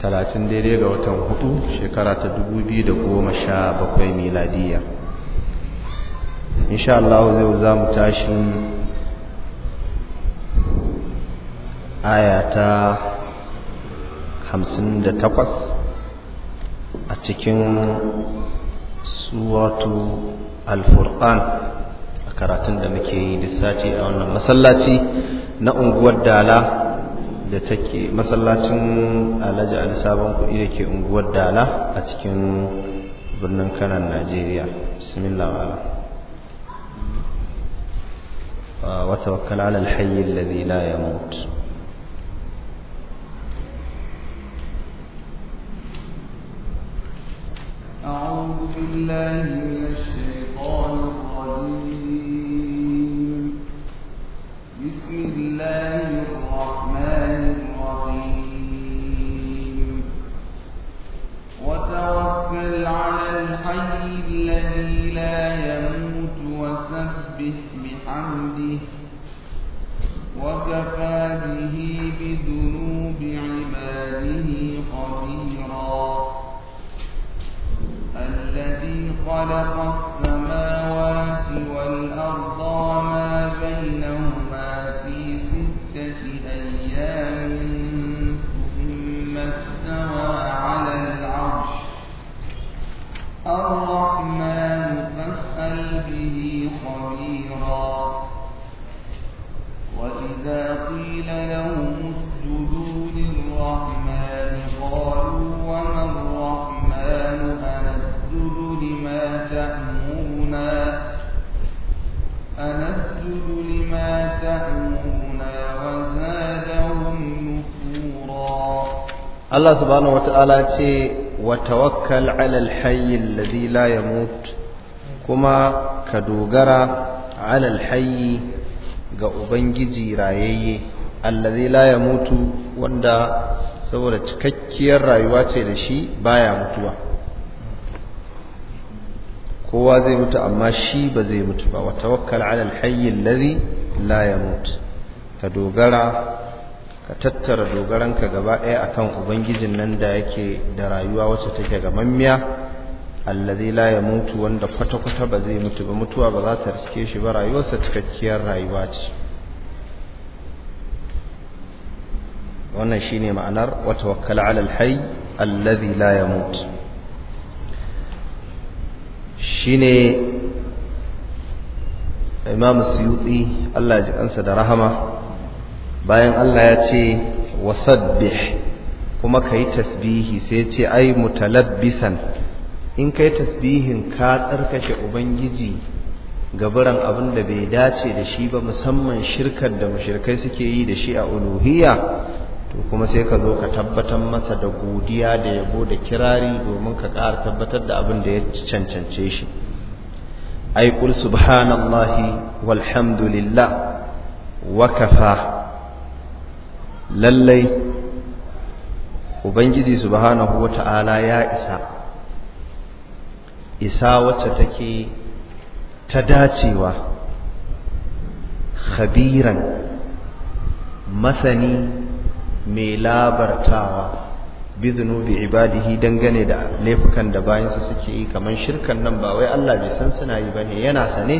talatin daidai ga watan hudu shekara ta dubu biyu da goma sha bakwai miladiya insha Allah zai za mu tashi aya hamsin da takwas a cikin suratu alfurkan a karatun da muke yi da sati a wannan masallaci na unguwar dala da take masallacin alhaji ali sabon kuɗi da ke unguwar dala a cikin birnin kanan najeriya bismillah wa wata ala alal hayyi alladhi la yamut أعوذ بالله من الشيطان الرجيم بسم الله الرحمن وتوكل على الحي الذي لا يموت وسبح بحمده وكفى به بذنوب عباده خبيرا الذي خلق السماوات والأرض وما الرحمن فاسأل به خبيرا وإذا قيل لهم اسجدوا للرحمن قالوا وما الرحمن أنسجد لما تأمرنا أنسجد لما تأمرنا وزادهم نفورا الله سبحانه وتعالى وتوكل على الحي الذي لا kuma ka dogara على hayi ga ubangiji rayayye allazi la ya mutu wanda saboda cikakkiyar rayuwa ce da shi baya mutuwa kowa zai mutu amma shi ba zai mutu ba wa tawakkal ala alhayy la yamut ka dogara ka tattara dogaranka gaba ɗaya akan ubangijin nan da yake da rayuwa wacce take gamammiya allazi la ya mutu wanda kwata-kwata ba zai mutu ba mutuwa ba za ta riske shi ba rayuwarsa cikakkiyar rayuwa ce wannan shine ma'anar wa tawakkal 'ala al-hayy allazi la yamut shine imamu suyuti Allah ya ji kansa da rahama bayan Allah ya ce wasabbih kuma ka tasbihi sai ce ai mutalabbisan in ka tasbihin ka tsarkake ubangiji gaburan abin da bai dace da shi ba musamman shirkar da mushirkai suke yi da shi a uluhiyya to kuma sai ka zo ka tabbatar masa da godiya da yabo da kirari domin ka ƙara tabbatar da abin da ya cancance shi ai qul subhanallahi walhamdulillah wa kafa lallai ubangiji subhanahu wata'ala ya isa isa wacce take ta dacewa khabiran masani mai labartawa bi ibadihi dangane da laifukan da bayansa suke yi kamar shirkan nan ba wai Allah bai san suna yi bane yana sane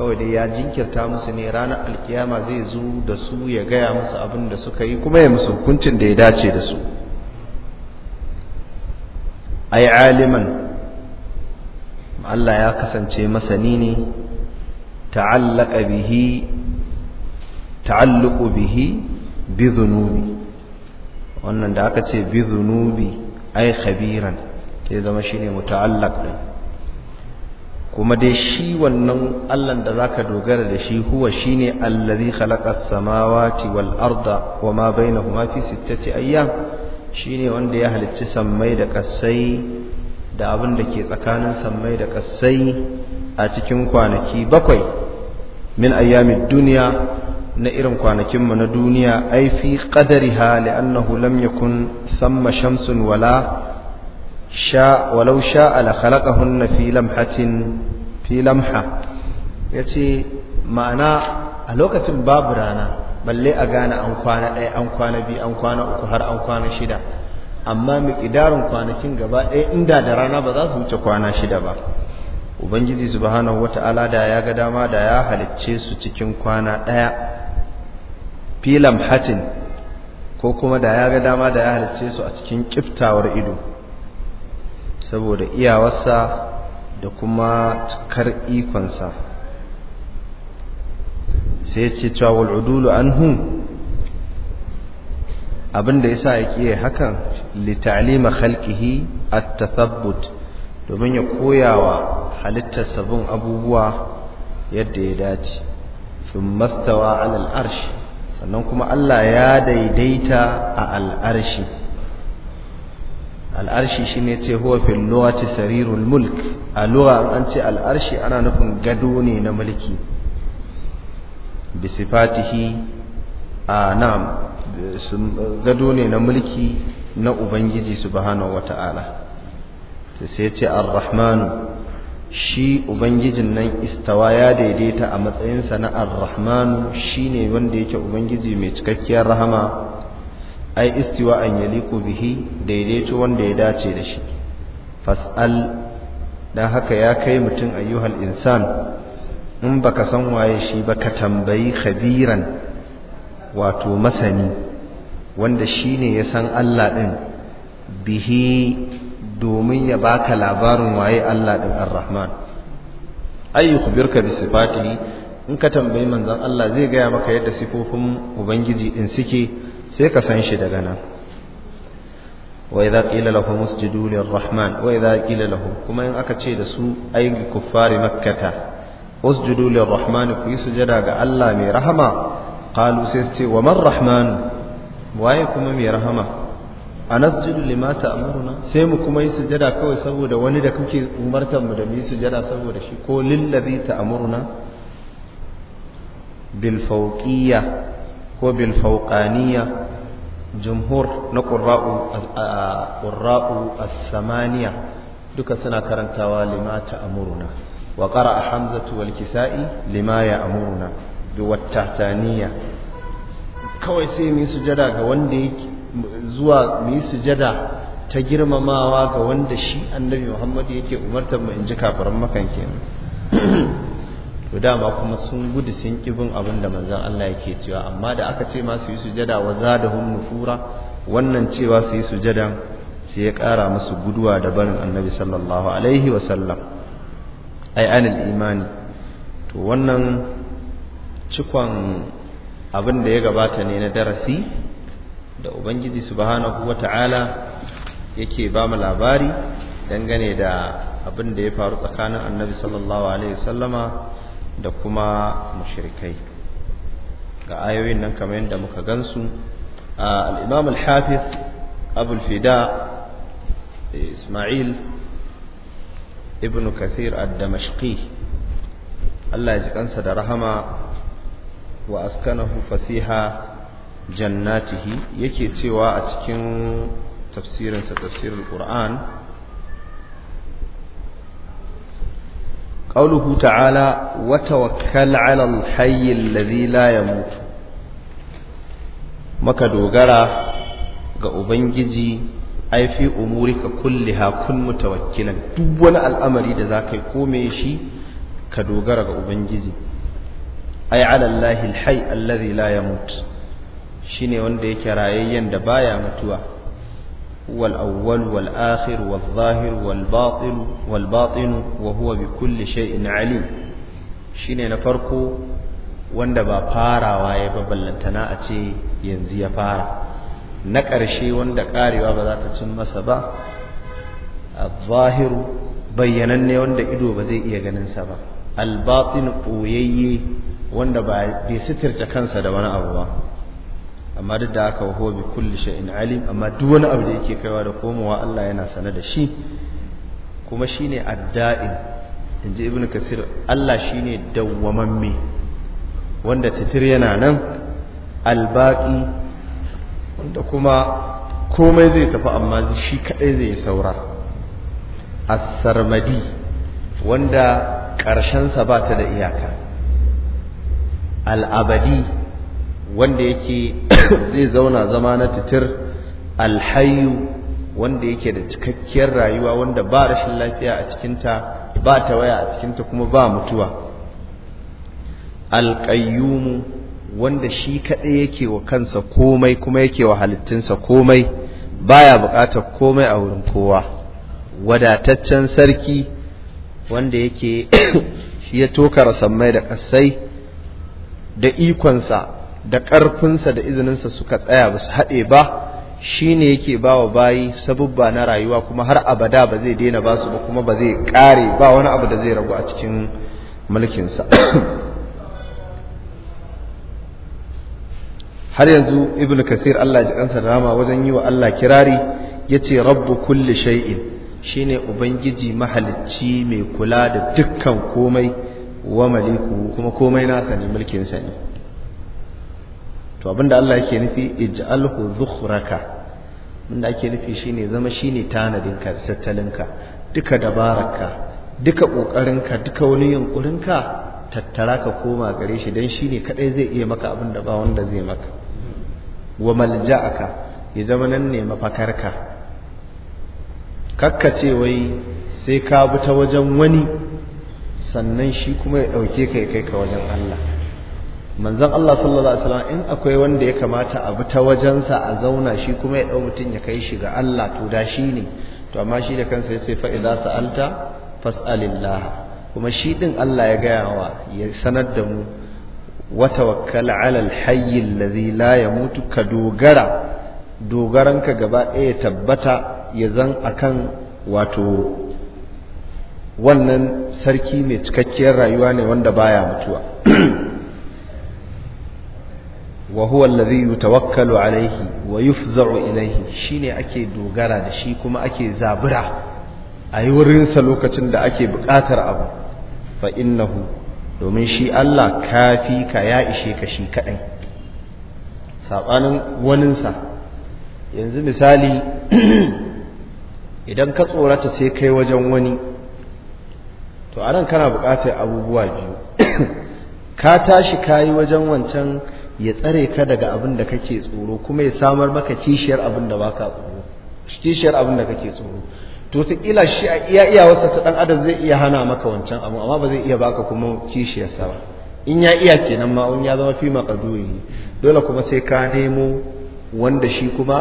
kawai dai ya jinkirta musu ne ranar alkiyama zai zo da su ya gaya musu abin da suka yi kuma ya musu hukuncin da ya dace da su ai aliman Allah ya kasance masani ne ta'allaka bihi ta'alluqu bihi bi dhunubi wannan da aka ce bi dhunubi ai khabiran sai zama shine muta'allaq din kuma dai shi wannan Allah da zaka dogara da shi huwa shine allazi khalaqas samawati wal arda wama bainahuma fi sittati ayyam shine wanda ya halicci sammai da kasai da abin da ke tsakanin sammai da kasai a cikin kwanaki bakwai min ayyamid dunya na irin kwanakin mu na duniya ai fi qadariha li'annahu lam yakun thamma shamsun wala sha walau sha ala khalaqahunna fi lamhatin fi lamha yace ma'ana a lokacin babu rana balle a gane an kwana ɗaya an kwana biyu an kwana uku har an kwana shida amma miƙidarin kwanakin gaba ɗaya inda da rana ba za su wuce kwana shida ba ubangiji subhanahu wata'ala da ya ga dama da ya halicce cikin kwana ɗaya filam hatin ko kuma da ya ga dama da ya halicce su a cikin kiftawar ido saboda iyawarsa da kuma cikar ikonsa sai ce cewa an hun, abinda yasa ya kiyaye hakan ma halkihi a tafabbut domin ya koyawa halittar sabon abubuwa yadda ya dace thumma mastawa al'arshi sannan kuma Allah ya daidaita a al'arshi. al'arshi shi ne ce huwa fil sarirul mulk a lura an ce al'arshi ana nufin gado ne na mulki bisi fatihi a na'am gado ne na mulki na ubangiji subhanahu wata'ala sai ce al rahmanu shi ubangijin nan istawa ya daidaita a matsayinsa na ar-rahmanu ne wanda yake ubangiji mai cikakkiyar rahama ai istiwa an yaliku bihi daidaito wanda ya dace da shi fas'al dan haka ya kai mutum ayyuhal insan in baka san waye shi ba ka tambayi khabiran wato masani wanda shine ya san Allah din bihi domin ya baka labarin waye Allah din arrahman rahman yukhbirka bi sifatihi in ka tambayi manzon Allah zai gaya maka yadda sifofin ubangiji din suke sai ka san shi daga nan wa idza qila lahum musjidu lirrahman wa idza qila lahum kuma in aka ce da su ay kuffari makkata usjudu lirrahman ku yi sujada ga Allah mai rahama qalu sai su ce wa man rahman waye kuma mai rahama anasjudu lima ta'muruna sai mu kuma yi sujada kawai saboda wani da kuke umartar mu da mu yi sujada saboda shi ko lillazi ta'muruna bil fawqiyya ko bilfauƙaniya jumhur na ƙur'a'u a as-samaniya duka suna karantawa lima ta'muruna wa qara'a hamzatu walkisa'i kisa'i lima ya'muruna kawai sai mu sujada ga wanda yake zuwa mu sujada ta girmamawa ga wanda shi annabi Muhammadu yake umartar mu in ji kafaran makan to dama kuma sun gudu sun kibin abin da manzan Allah yake cewa amma da aka ce ma su yi sujada wa hun nufura wannan cewa su yi sujada sai ya ƙara musu guduwa da barin annabi sallallahu alaihi wa sallam ai anil imani to wannan cikon abin da ya gabata ne na darasi da ubangiji subhanahu wata'ala yake ba mu labari dangane da abin da ya faru tsakanin annabi sallallahu alaihi wasallama da kuma mushrikai ga ayoyin nan kamar yadda muka gansu al-imam al-hafiz abu al-fida eh, isma'il ibn kathir ad-damashqi Allah ya ji kansa da rahama wa askanahu fasiha jannatihi yake cewa a cikin tafsirinsa tafsirul qur'an قوله ta'ala wata على الحي الذي ya mutu. maka dogara ga ubangiji aifi fi umurika kulliha kun wakilan duk wani al'amari da zaka yi kome shi ka dogara ga ubangiji ai alallahi allahi alhayy ya mutu. yamut shine wanda yake rayayyen da baya mutuwa Wal هو wazahiru, والآخر والظاهر والباطن والباطن وهو بكل شيء عليم na farko wanda ba farawa ya ba ballantana a ce yanzu ya fara na ƙarshe wanda ƙarewa ba za ta cin masa ba al-zahiru bayyananne wanda ido ba zai iya ganin sa ba al ɓoyayye wanda ba bai sitirce kansa da wani abu ba amma duk da haka huwa bi kulli shay'in alim amma duk wani abu da yake kaiwa da komowa Allah yana sane da shi kuma shine adda'in inji ibnu kasir Allah shine dawwamamme wanda titir yana nan albaqi wanda kuma komai zai tafi amma shi kadai zai saura as-sarmadi wanda ƙarshensa ba ta da iyaka al-abadi wanda yake zai zauna zama na titir alhayu wanda yake da cikakkiyar rayuwa wanda ba rashin lafiya a cikinta ba ta waya a cikinta kuma ba mutuwa alƙayyumu wanda shi kaɗai yake wa kansa komai kuma yake wa halittinsa komai baya buƙatar komai a wurin kowa wadataccen sarki wanda yake shi ya toka rasammai da ƙasai da ikonsa da ƙarfinsa da izininsa suka tsaya ba su haɗe ba shi ne yake ba wa bayi sabubba na rayuwa kuma har abada ba zai daina ba su ba kuma ba zai ƙare ba wani abu da zai ragu a cikin mulkinsa har yanzu ibn kathir Allah ji kansa rama wajen yi wa Allah kirari ya ce rabbu kulli shay'in shine ubangiji mahalicci mai kula da dukkan komai wa maliku kuma komai nasa ne mulkin ne to abinda Allah yake nufi ij'alhu dhukhraka abinda ake nufi shine zama shine tanadinka tattalinka duka dabararka duka ka duka wani yunkurin ka tattara ka koma gare shi dan shine kadai zai iya maka abinda ba wanda zai maka wa malja'aka ya zama nan ne ka kakkace wai sai ka bi ta wajen wani sannan shi kuma ya dauke ka ya kai ka wajen Allah manzon Allah sallallahu alaihi wasallam in akwai wanda ya kamata a bi ta wajensa a zauna shi kuma ya dau mutun ya kai shi ga Allah to da shi ne to amma shi da kansa yace fa idza sa'alta fas'alillah kuma shi din Allah ya gaya wa ya sanar da mu wa tawakkal 'alal hayy alladhi la yamutu ka dogara ka gaba ɗaya tabbata ya zan akan wato wannan sarki mai cikakkiyar rayuwa ne wanda baya mutuwa wa huwa alladhi yutawakkalu alayhi wa yufza'u ilayhi shine ake dogara da shi kuma ake zabura a yi wurinsa lokacin da ake buƙatar abu fa domin shi Allah kafi ka ya ishe ka shi kaɗai saɓanin waninsa yanzu misali idan ka tsorata sai kai wajen wani to anan kana buƙatar abubuwa biyu ka tashi kayi wajen wancan ya tsare ka daga abin da kake tsoro kuma ya samar maka kishiyar abin da baka tsoro kishiyar abin da kake tsoro to ta kila shi a iya iya wasa ta dan adam zai iya hana maka wancan abu amma ba zai iya baka kuma kishiyar sa ba in ya iya kenan ma in ya zama fi maqduri dole kuma sai ka nemo wanda shi kuma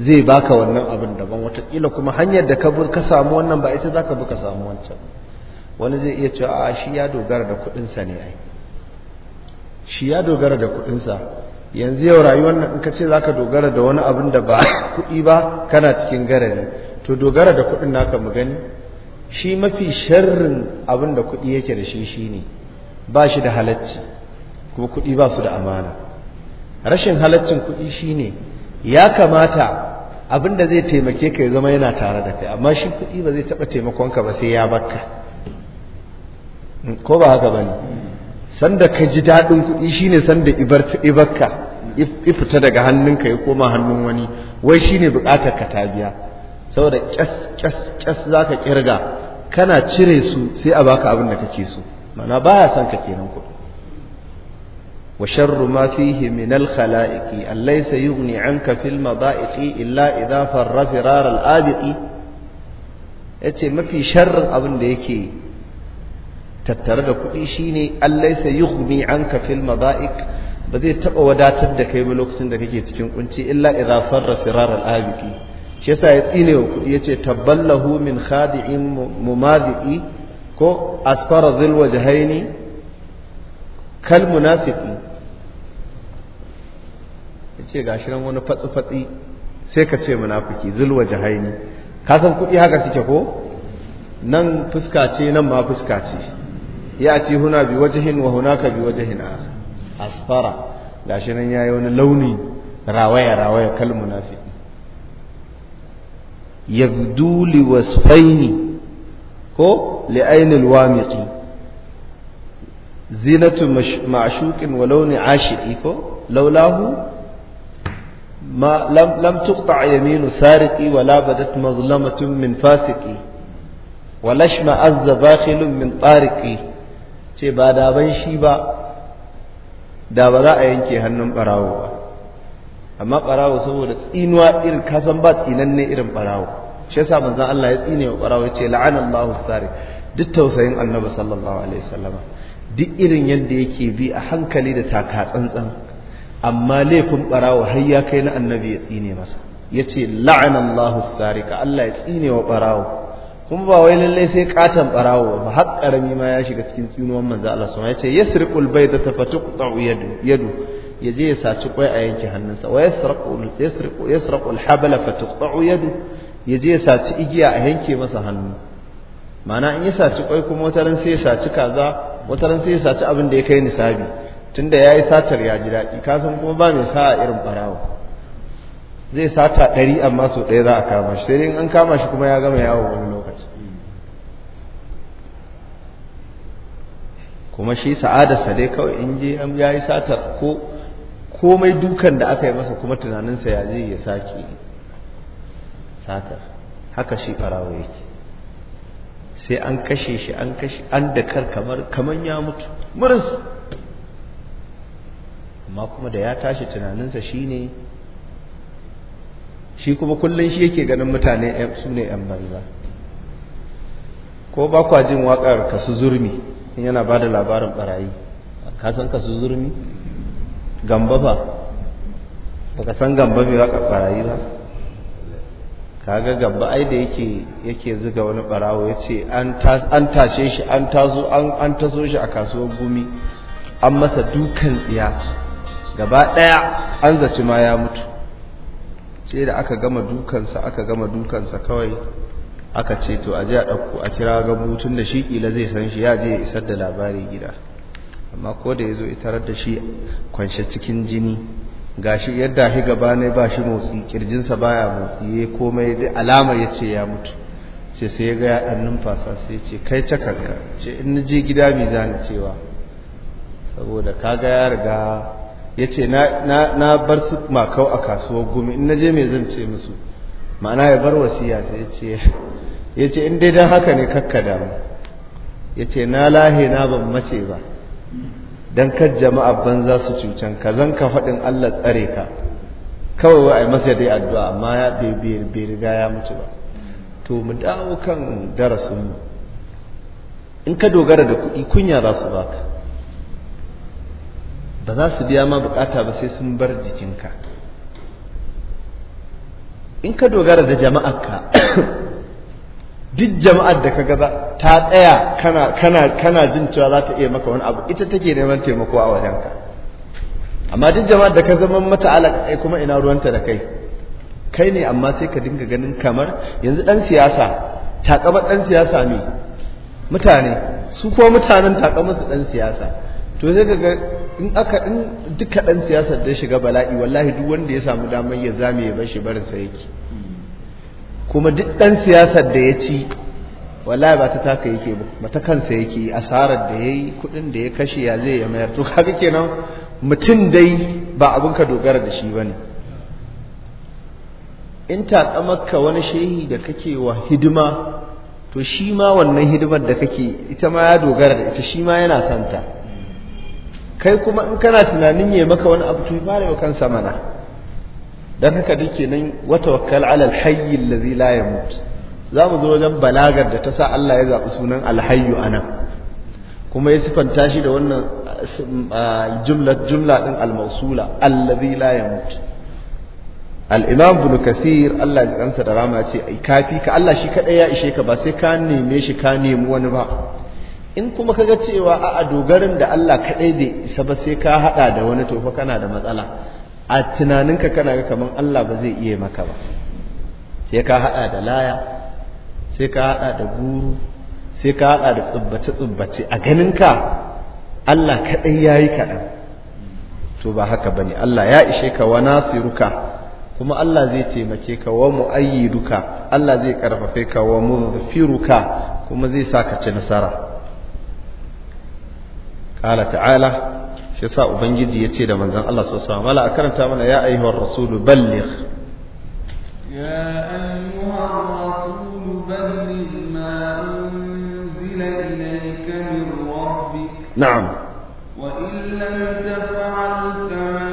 zai baka wannan abin daban kila kuma hanyar da ka ka samu wannan ba ita zaka bi ka samu wancan wani zai iya cewa a shi ya dogara da kuɗinsa ne ai shi ya dogara da kuɗinsa yanzu yau rayuwar nan in ka ce za ka dogara da wani abin da ba kuɗi ba kana cikin garari to dogara da kuɗin naka mu gani shi mafi sharrin abin da kuɗi yake da shi shi ne ba shi da halacci kuma kuɗi ba su da amana rashin halaccin kuɗi shi ne ya kamata abin da zai taimake ka ya zama yana tare da kai amma shi kuɗi ba zai taɓa taimakonka ba sai ya bakka hmm, ko ba haka ba ne sanda ka ji daɗin kuɗi shine sanda ibarka ifita daga hannunka ya koma hannun wani wai shine buƙatar ka ta biya saboda ƙyas-ƙyas-ƙyas za zaka kirga kana cire su sai a baka abin da kake so mana ya son ka kenan kuɗi wa sharru ma fihi min al khalaiqi allaysa yughni anka fil mada'iqi illa idha farra firar al abiqi yace mafi sharrin abin da yake tattare da kuɗi shine allaisa yughni ka filma madaik ba zai taɓa wadatar da kai ba lokacin da kake cikin kunci illa idza farra sirar al shi yasa ya tsine wa kuɗi yace taballahu min khadi'in mumadhi ko asfara dhil wajhaini kal munafiqi yace gashi wani fatsi fatsi sai ka ce munafiki dhil wajhaini ka san kuɗi haka suke ko nan fuska ce nan ma fuska ce ياتي هنا بوجه وهناك بوجه اخر اصفر عشان ياي وني لوني راوي راوي كلمه منافق يبدو لوصفين كو لاين الوامق زينة معشوق ولون عاشق كو لولاه ما لم لم تقطع يمين سارقي ولا بدت مظلمة من فاسقي ولشم أز باخل من طارقي ce ba da ban shi ba da ba za a yanke hannun barawo ba amma ɓarawo saboda tsinuwa irin kasan ba tsinanne irin ɓarawo shi yasa manzon Allah ya tsine wa ɓarawo ya ce la'anallahu sare duk tausayin annabi sallallahu alaihi wasallama duk irin yadda yake bi a hankali da taka tsantsan amma laifin barawo har ya kai na annabi ya tsine masa ya ce la'anallahu ka Allah ya tsine wa ɓarawo kuma ba wai lallai sai katan barawo ba har karami ma ya shiga cikin tsinuwan manzo Allah sama yace yasriqul bayda tafatuqta yadu yadu yaje ya saci kwai a yanke hannunsa wa yasriqul yasriqu yasriqul habla fatuqta yadu yaje ya saci igiya a yanke masa hannu mana in ya saci kwai kuma wata ran sai ya saci kaza wata ran sai ya saci abin da ya kai nisabi tunda yayi satar ya ji daɗi, ka san kuma ba mai sa'a irin barawo zai sata ɗari amma so ɗaya za a kama shi sai dai in an kama shi kuma ya gama yawo wani kuma shi sa'adarsa dai kawai in je ya yi satar ko komai dukan da aka yi masa kuma tunaninsa ya zai ya sake satar haka shi ɓarawo yake sai an kashe shi an kashe an dakar kamar kamar ya mutu muris amma kuma da ya tashi tunaninsa shine shi kuma kullum shi yake ganin mutane su ne 'yan banza ko ba kwa jin waƙar kasu zurmi yana ba da labarin barayi ka san ka su zurmi gamba ba baka san gamba mai waka barayi ba kaga gamba ai da yake yake zuga wani barawo ya ce an tashe shi an taso an taso shi a kasuwar gumi an masa dukan ɗiya gaba ɗaya an zaci ma ya mutu sai da aka gama dukansa aka gama dukansa kawai aka ce to a ji a ɗauko a kira tun da shi ƙila zai san shi ya je ya isar da labari gida amma ko da ya zo itarar da shi kwanshe cikin jini Ga shi yadda shi gaba ne ba shi motsi kirjinsa ya motsi ya komai da alama ya ce ya mutu ce sai ya ga ya ɗan numfasa sai ya ce kai kanka. ce in na je gida mai za ni cewa saboda ga ya riga ya ce na bar su makau a kasuwar gumi in na je mai zan ce musu ma'ana ya bar wasiya sai ya ce ya ce in dai don haka ne kakka damu ya ce na lahe na ban mace ba don kan jama'a ban za su cucan ka zan ka faɗin allah tsare ka kawai wa a yi masa dai addu'a amma ya bai riga ya mutu ba to mu dawo kan darasinmu in ka dogara da kuɗi kunya za su baka ba za su biya ma bukata ba sai sun bar jikinka in ka dogara da jama'a ka. duk jama'ar da ka ba ta tsaya kana kana kana jin cewa za ta iya maka wani abu ita take neman taimako a wajenka amma duk jama'ar da ka zama mata alaka kai kuma ina ruwanta da kai kai ne amma sai ka dinga ganin kamar yanzu dan siyasa takabar dan siyasa ne mutane su kuma mutanen takamar su dan siyasa to sai kaga in aka in duka dan siyasar da shiga bala'i wallahi duk wanda ya samu damar ya zame ya bar shi barin sa yake kuma duk ɗan siyasar da ya ci wallahi ba ta taka yake ba mata kansa yake asarar da ya yi kuɗin da ya kashe ya zai ya mayar to kaga kenan mutum dai ba abin ka dogara da shi ba ne in maka wani shehi da kake wa hidima to shi ma wannan hidimar da kake ita ma ya dogara da ita shi ma yana santa kai kuma in kana tunanin ya maka wani abu to ya fara yau kansa mana don haka duk nan wata wakal alal hayyi allazi la yamut za mu zo wajen balagar da ta sa Allah ya zaɓi sunan alhayyu anan kuma ya sifanta shi da wannan jumla jumla din almausula allazi la yamut al-imam ibn kathir Allah ya kansa da rama ce ai kafi ka Allah shi kaɗai ya ishe ka ba sai ka neme shi ka nemi wani ba in kuma ka ga cewa a'a dogarin da Allah kaɗai bai isa ba sai ka haɗa da wani to fa kana da matsala a tunaninka kana ga kamar Allah ba zai iya maka ba sai ka hada da laya sai ka hada da guru sai ka haɗa da tsubbace tsubbace a ganinka Allah ya yayi kaɗan to ba haka ba bane Allah ya ishe ka wa nasiruka kuma Allah zai taimake ka wa muayyiduka Allah zai ƙarfafe ka wa mudhfiruka kuma zai sa ka ci nasara qala ta'ala shi sa ubangiji ya ce da manzon Allah sallallahu alaihi wasallam a karanta mana ya ayyuhar rasul balligh ya ayyuhar rasul balligh ma unzila ilayka min rabbik na'am wa in lam taf'al fa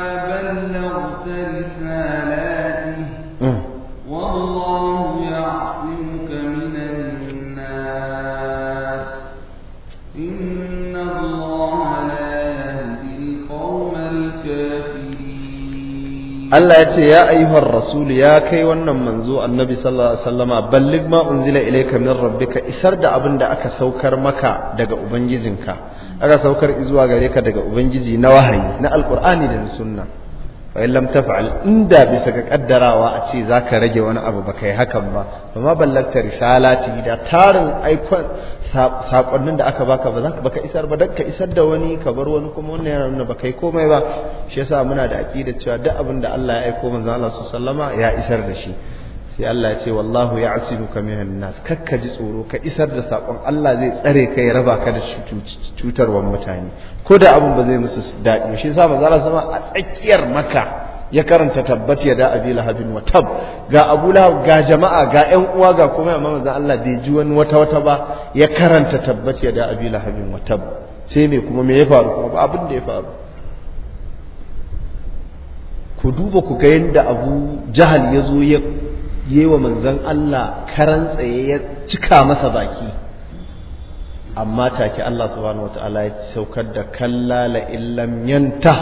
Allah ya ce ya ayyuhar rasul ya kai wannan manzo annabi sallallahu alaihi wasallama ballig ma unzila ilayka min rabbika isar da abin da aka saukar maka daga ubangijinka aka saukar zuwa gare ka daga ubangiji na wahayi na alqur'ani da sunna fa in lam taf'al inda bisa ga ƙaddarawa a ce zaka rage wani abu baka yi hakan ba amma ballakta risalati da tarin aikon sakonnin da aka baka ba ka baka isar ba isar da wani ka bar wani kuma wani yana nuna baka yi komai ba shi sa muna da aqida cewa duk abin da Allah ya aiko manzo Allah sallallahu ya isar da shi sai Allah ya ce wallahu ya'siluka minan nas kakka ji tsoro ka isar da sakon Allah zai tsare ka ya raba ka da cutarwar mutane ko da abin ba zai musu daɗi shi yasa manzo sama a tsakiyar maka ya karanta tabbat ya da abi lahabin wa tab ga abu lahab ga jama'a ga 'yan uwa ga kuma amma manzo Allah bai ji wani wata wata ba ya karanta tabbat ya da abi lahabin wa tab sai me kuma me ya faru kuma ba abin da ya faru ku duba ku ga yadda abu jahal ya zo ya yewa manzon Allah karan tsaye ya cika masa baki amma take Allah subhanahu wataala ya saukar da kalla la illam yanta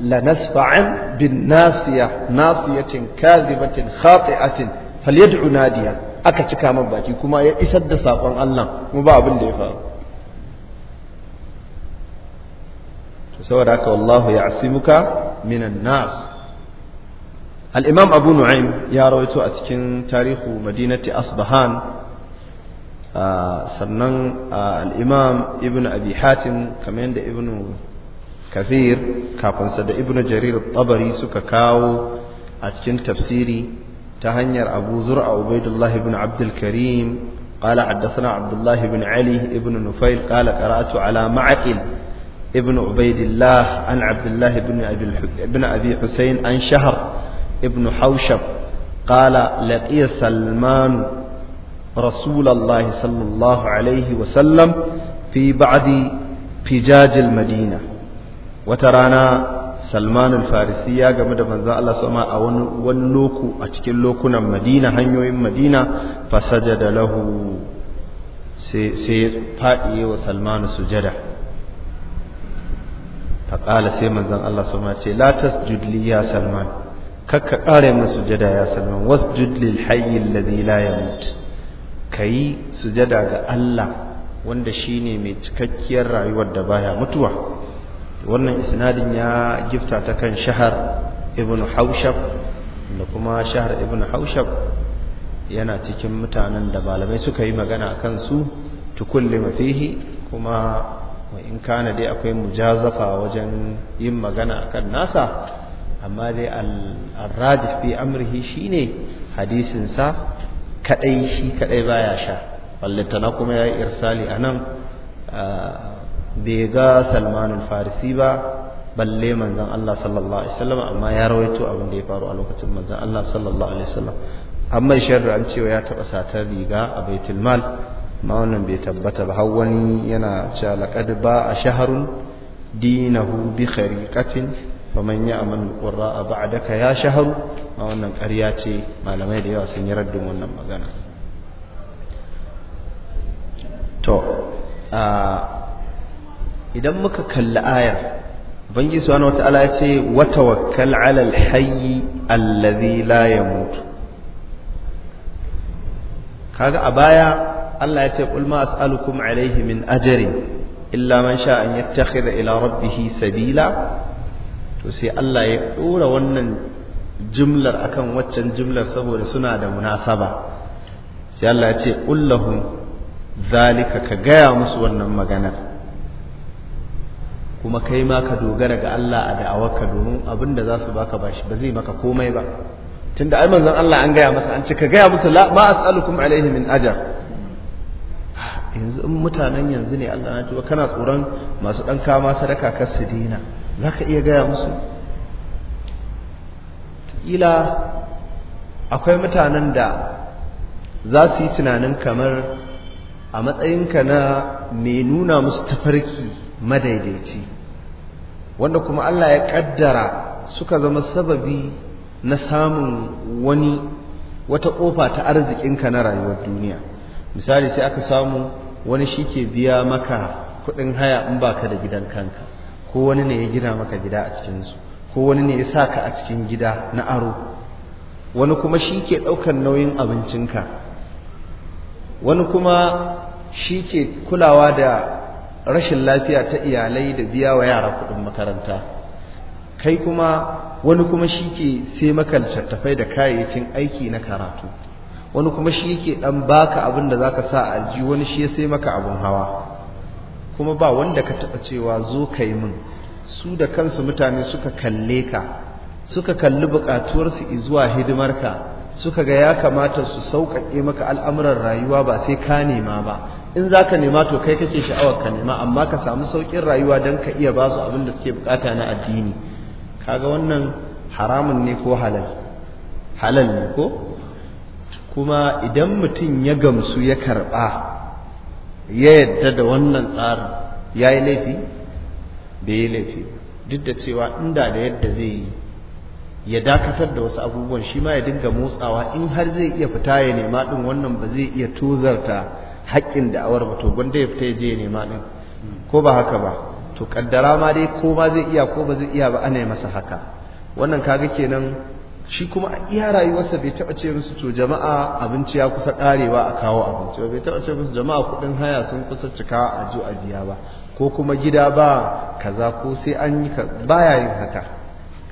lanasfa'an bin nasiya nasiyatin kadhibatin khati'atin falyad'u nadiya aka cika man baki kuma ya isar da sakon Allah kuma ba abin da ya faru saboda haka wallahu ya asimuka minan nas al'imam abu nu'aim ya rawaito a cikin tarihi madinati asbahan sannan al'imam ibn abi hatim kamar yadda ibn kafir kafinsa da ibn jarir tabari suka kawo a cikin tafsiri ta hanyar abuzura zura ubaidullahi ibn abdulkarim قال حدثنا عبد الله بن علي بن نفيل قال قرأت على معقل ابن عبيد الله عن عبد الله بن أبي حسين عن شهر Ibnu haushab qala laqiya salmanu rasulallahi sallallahu alaihi wasallam fi ba'di fijajil madina wata rana salman al game da manzon Allah a cikin lokunan madina hanyoyin madina fasajada lahu sai sai wa salman sujada faqala sai manzon Allah ce salman kakka ƙare masu sujada ya wasu wasjud lil hayy alladhi ka yi su sujada ga Allah wanda shi ne mai cikakkiyar rayuwar da baya mutuwa wannan isnadin ya gifta ta kan shahar ibn haushab da kuma shahar ibn haushab yana cikin mutanen da malamai suka yi magana kansu, su tukulli mafihi kuma in kana dai akwai mujazafa wajen yin magana a kan nasa amma dai al-rajih bi amrihi shine hadisin sa kadai shi kadai baya sha na kuma yayi irsali anan bai ga Salman al-Farisi ba balle manzon Allah sallallahu alaihi wasallam amma ya rawaito abin da ya faru a lokacin manzon Allah sallallahu alaihi wasallam amma sharri an cewa ya taba satar riga a Baitul Mal amma wannan bai tabbata ba har wani yana cewa laqad ba a shaharun dinahu bi khariqatin wa man ya'mal qurra ba'daka ya shaharu ma wannan ƙarya ce malamai da yawa sun yi raddin wannan magana to idan muka kalli ayar bangi subhanahu wata ya ce wata tawakkal 'alal hayyi alladhi la mutu kaga a baya Allah ya ce qul ma as'alukum 'alayhi min ajrin illa man sha'a an yattakhidha ila rabbihi sabila to sai Allah ya ɗora wannan jimlar akan waccan jimlar saboda suna da munasaba sai Allah ya ce ullahum zalika ka gaya musu wannan maganar kuma kai ma ka dogara ga Allah a da'awarka domin abin da za su baka bashi ba zai maka komai ba tunda ai manzon Allah an gaya masa an ce ka gaya musu la ma as'alukum alaihi min aja. yanzu in mutanen yanzu ne Allah na ce, kana tsoron masu dan kama sadaka kar su dina za ka iya gaya musu ƙila akwai mutanen da za su yi tunanin kamar a matsayinka na mai nuna musu tafarki madaidaici wanda kuma Allah ya ƙaddara suka zama sababi na samun wani wata ƙofa ta arzikinka na rayuwar duniya misali sai aka samu wani shi ke biya maka kuɗin haya in baka da gidan kanka ko wani ne ya gina maka gida a cikinsu ko wani ne ya sa ka a cikin gida na aro wani kuma shi ke ɗaukar nauyin abincinka wani kuma shi ke kulawa da rashin lafiya ta iyalai da biya wa yara kuɗin makaranta kai kuma wani kuma shi ke sai maka littattafai da kayayyakin aiki na karatu wani kuma shi ke ɗan baka abin da za ka sa a ji wani shi ya sai maka abin hawa kuma ba wanda ka taba cewa zo kai yi min su da kansu mutane suka kalle ka suka kalli su zuwa ka suka ga ya kamata su sauƙaƙe maka al'amuran rayuwa ba sai ka nema ba in za ka nema to kai kake sha'awar ka nema amma ka samu sauƙin rayuwa don ka iya ba su abin da suke bukata na addini kaga wannan haramun ne ko halal halal ne ko kuma idan mutum ya gamsu ya karɓa ya yadda da wannan tsarin ya yi laifi bai yi laifi duk da cewa inda da yadda zai yi ya dakatar da wasu abubuwan shi ma ya dinga motsawa in har zai iya fita ya nema din wannan ba zai iya tozarta haƙƙin da awar ba to gwanda ya fita ya je ya nema din ko ba haka ba to kaddara ma dai ko ba zai iya ko ba zai iya ba ana yi masa haka wannan kaga kenan shi kuma a iya rayuwarsa bai taɓa ce musu to jama'a abinci ya kusa karewa a kawo abinci ba. bai taɓa ce musu jama'a kuɗin haya sun kusa cika a jo a biya ba ko kuma gida ba kaza ko sai an yi ya yin haka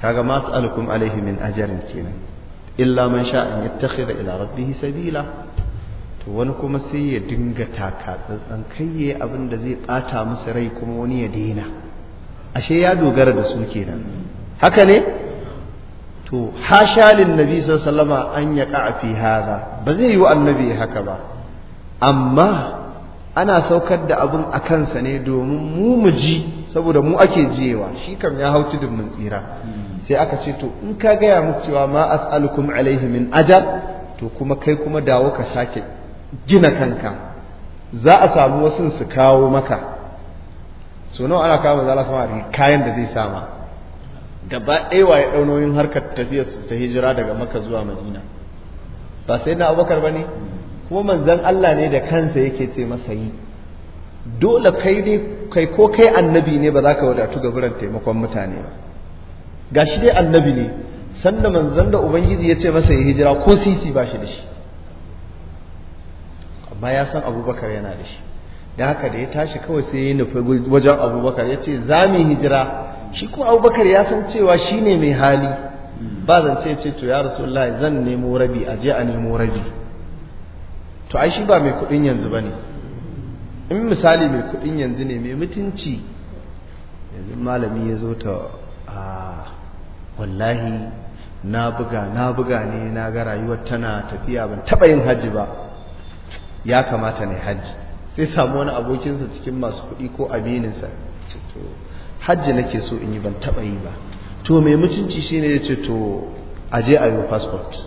kaga masu alukum alaihi min ajarin kenan illa man sha an da ila rabbih sabila to wani kuma sai ya dinga taka tsantsan kai abin da zai bata musu rai kuma wani ya daina ashe ya dogara da su kenan haka ne to hashalin nabi sallama an ya a fi hada ba zai yi wa annabi haka ba amma ana saukar da abun a kansa ne domin mu mu ji saboda mu ake jewa shi kam ya hau tudun mun tsira sai aka ce to in ka gaya musu cewa ma as'alukum alaihi min ajar to kuma kai kuma dawo ka sake gina kanka za a samu wasu su kawo maka so nawa ana kawo manzo Allah sama kayan da zai sama gaba ɗaya waye ɗaunoyin harkar tafiyar su ta hijira daga maka zuwa madina ba sai na abubakar ba ne kuma manzan Allah ne da kansa yake ce masa yi dole kai ne kai ko kai annabi ne ba za ka wadatu ga biran taimakon mutane ba ga shi dai annabi ne sanda manzan da ubangiji ya ce masa ya hijira ko sisi ba shi da shi amma ya san abubakar yana da shi da haka da ya tashi kawai sai ya nufi wajen abubakar ya ce za mu hijira shi kuma abubakar ya san cewa shi ne mai hali ba zance ce to ya rasu, lai zan nemo rabi a je a nemo rabi to ai shi ba mai kudin yanzu ba ne in misali mai kudin yanzu ne mai mutunci yanzu malami ya zo ta a wallahi na buga na buga ne na ga rayuwar tana tafiya ban taba yin hajji ba ya kamata ne hajji sai samu wani abokinsa cikin masu kuɗi ko amininsa hajji nake so in yi ban taɓa yi ba to mai mutunci shi ne ya ce to a je a yi passport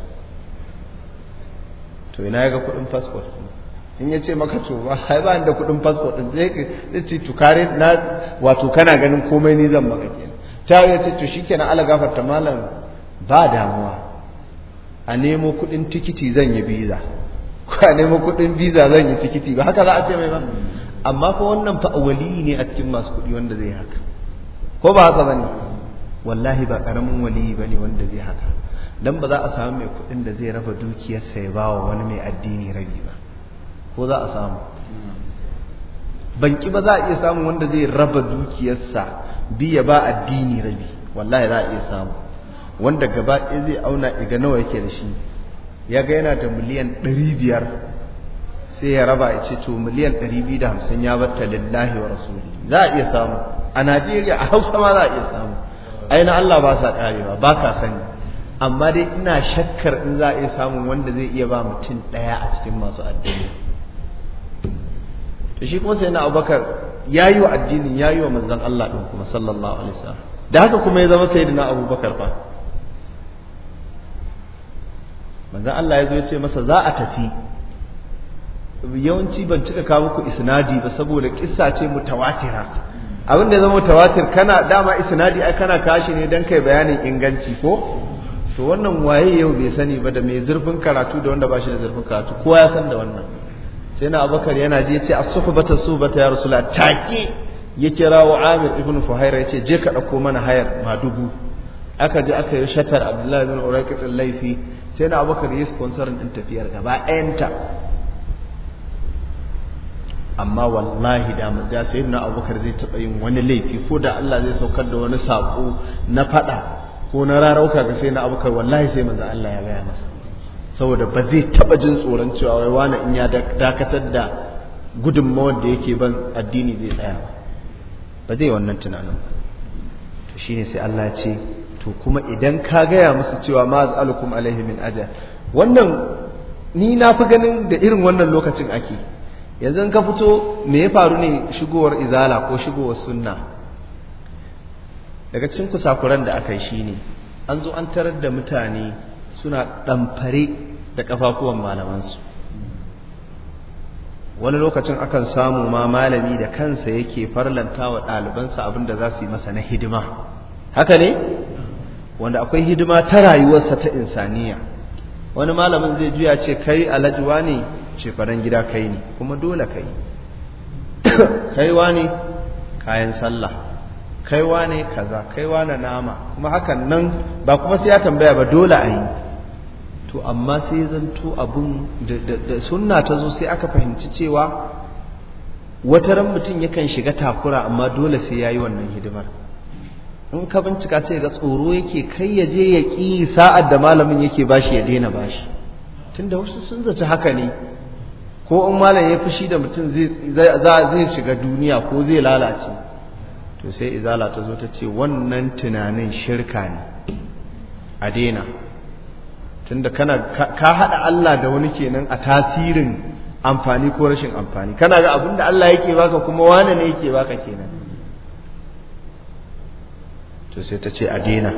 to ina ya ga kuɗin passport in ya ce maka to ba yi ba da kuɗin passport ɗin zai ce to kare na wato kana ganin komai ni zan maka kenan ta ya ce to shi na alagafar ta malam ba damuwa a nemo kuɗin tikiti zan yi biza ko a nemo kuɗin biza zan yi tikiti ba haka za a ce mai ba hmm. amma fa wannan fa ne a cikin masu kuɗi wanda zai haka ko ba haka bane wallahi ba karamin waliyi bane wanda zai haka dan ba za a samu mai kuɗin da zai raba dukiyarsa ya bawa wani mai addini rabi ba ko za a samu banki ba za a iya samu wanda zai raba dukiyarsa biya ba addini rabi wallahi za a iya samu wanda gaba ɗaya zai auna iga nawa yake da shi ya ga yana da miliyan ɗari biyar sai ya raba ya ce to miliyan 250 ya batta lillahi wa rasuli za a iya samu a Najeriya a Hausa ma za a iya samu aina Allah ba sa karewa ba ka sani amma dai ina shakkar in za a iya samun wanda zai iya ba mutum ɗaya a cikin masu addini to shi kuma sai na Abubakar yi wa addinin yi wa manzan Allah ɗin kuma sallallahu alaihi wasallam da haka kuma ya zama sayyidina Abubakar ba. manzan Allah ya zo ya ce masa za a tafi yawanci ban cika kawo muku isnadi ba saboda kissa ce mutawatira abin da zama mutawatir kana dama isnadi ai kana kashi ne dan kai bayanin inganci ko to wannan waye yau bai sani ba da mai zurfin karatu da wanda ba da zurfin karatu kowa ya san da wannan sai na abakar yana je yace as-suhbata subata ya rasulullah taki ya kira wa amir ibn fuhaira ya ce je ka dauko mana hayar dubu aka je aka yi shatar abdullahi ibn uraqat al-laifi sai na abakar yi sponsor din tafiyar gaba ɗayanta amma wallahi da da na abubakar zai taɓa yin wani laifi ko da Allah zai saukar da wani sako na faɗa ko na rarauka ga na abubakar wallahi sai manzo Allah ya gaya masa saboda ba zai taɓa jin tsoron cewa wai wani in ya dakatar da gudunmawar da yake ban addini zai tsaya ba zai wannan tunanin to shine sai Allah ya ce to kuma idan ka gaya musu cewa ma az'alukum alaihi min aja wannan ni na fi ganin da irin wannan lokacin ake yanzu ka fito me ya faru ne shigowar izala ko shigowar sunna daga cikin kusakuran da aka yi shine an zo an tarar da mutane suna ɗanfare da ƙafafuwan malamansu wani lokacin akan samu ma malami da kansa yake farlanta wa ɗalibansa abin da za su yi masa na hidima haka ne wanda akwai hidima ta rayuwarsa ta insaniya wani malamin zai juya ce kai alajuwa ne faran gida kai ne kuma dole kai kaiwa ne kayan sallah kaiwa ne kaza kaiwa na nama kuma hakan nan ba kuma sai ya tambaya ba dole a yi to amma sai zanto abun da sunna ta zo sai aka fahimci cewa wata ran mutum yakan shiga takura amma dole sai ya yi wannan hidimar in ka bincika sai ga tsoro yake kai ya je ya ƙi sa'ad da malamin yake bashi ya daina bashi tunda wasu sun zaci haka ne ko in malam ya fushi da mutum zai shiga duniya ko zai lalace to sai izala ta zo ta ce wannan tunanin shirka ne a daina tunda kana ka haɗa Allah da wani kenan a tasirin amfani ko rashin amfani kana ga abinda Allah yake baka kuma wane ne yake baka kenan to sai ta ce a daina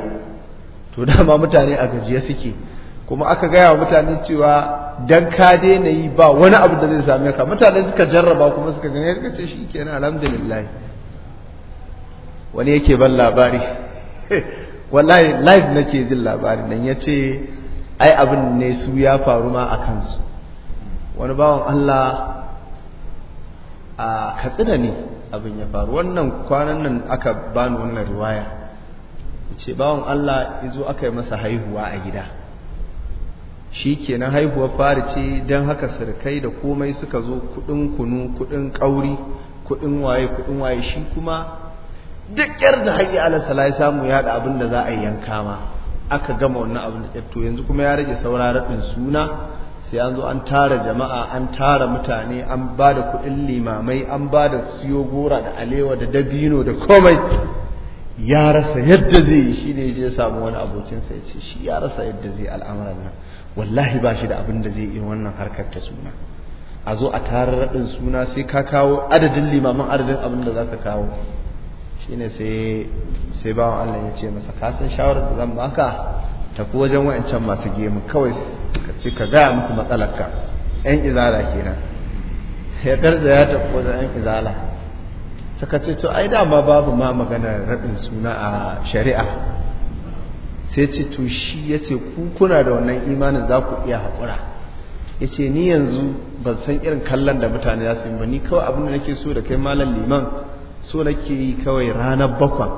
to dama mutane a gajiya suke kuma aka gaya wa mutane cewa dan ka daina yi ba wani abu da zai same ka mutane suka jarraba kuma suka gani ya ce shi kenan alhamdulillah wani yake ban labari wallahi live nake jin labari nan ya ce ai abin ne su ya faru ma a kansu wani bawan Allah a katsina ne abin ya faru wannan kwanan nan aka bani wannan riwaya ce bawan Allah zo aka yi masa haihuwa a gida shi kenan haihuwar fari ce don haka sarkai da komai suka zo kudin kunu kudin kauri kudin waye kudin waye shi kuma duk yar da haƙi alasala ya samu ya da abin da za a yanka ma aka gama wannan abin da to yanzu kuma ya rage sauraron suna sai an zo an tara jama'a an tara mutane an ba da kudin limamai an ba da siyo gora da alewa da dabino da komai ya rasa yadda zai yi shi ne ya samu wani abokinsa ya ce shi ya rasa yadda zai al'amuran nan wallahi ba shi da abin da zai yi wannan harkar ta suna a zo a tararraɗin suna sai ka kawo adadin limamin adadin abin da za ka kawo ne sai sai bawan Allah ya ce masa kasan san shawarar da zan baka tafi wajen wayancan masu gemu kawai ka ce ka gaya musu matsalarka yan izala kenan ya garza ya tafi wajen yan izala suka ce to ai dama babu ma maganar raɗin suna a shari'a sai ce to shi ya ce kuna da wannan imanin za ku iya haƙura ya ce ni yanzu ban san irin kallon da mutane za su yi ba ni kawai abin da nake so da kai malam liman so nake yi kawai ranar bakwai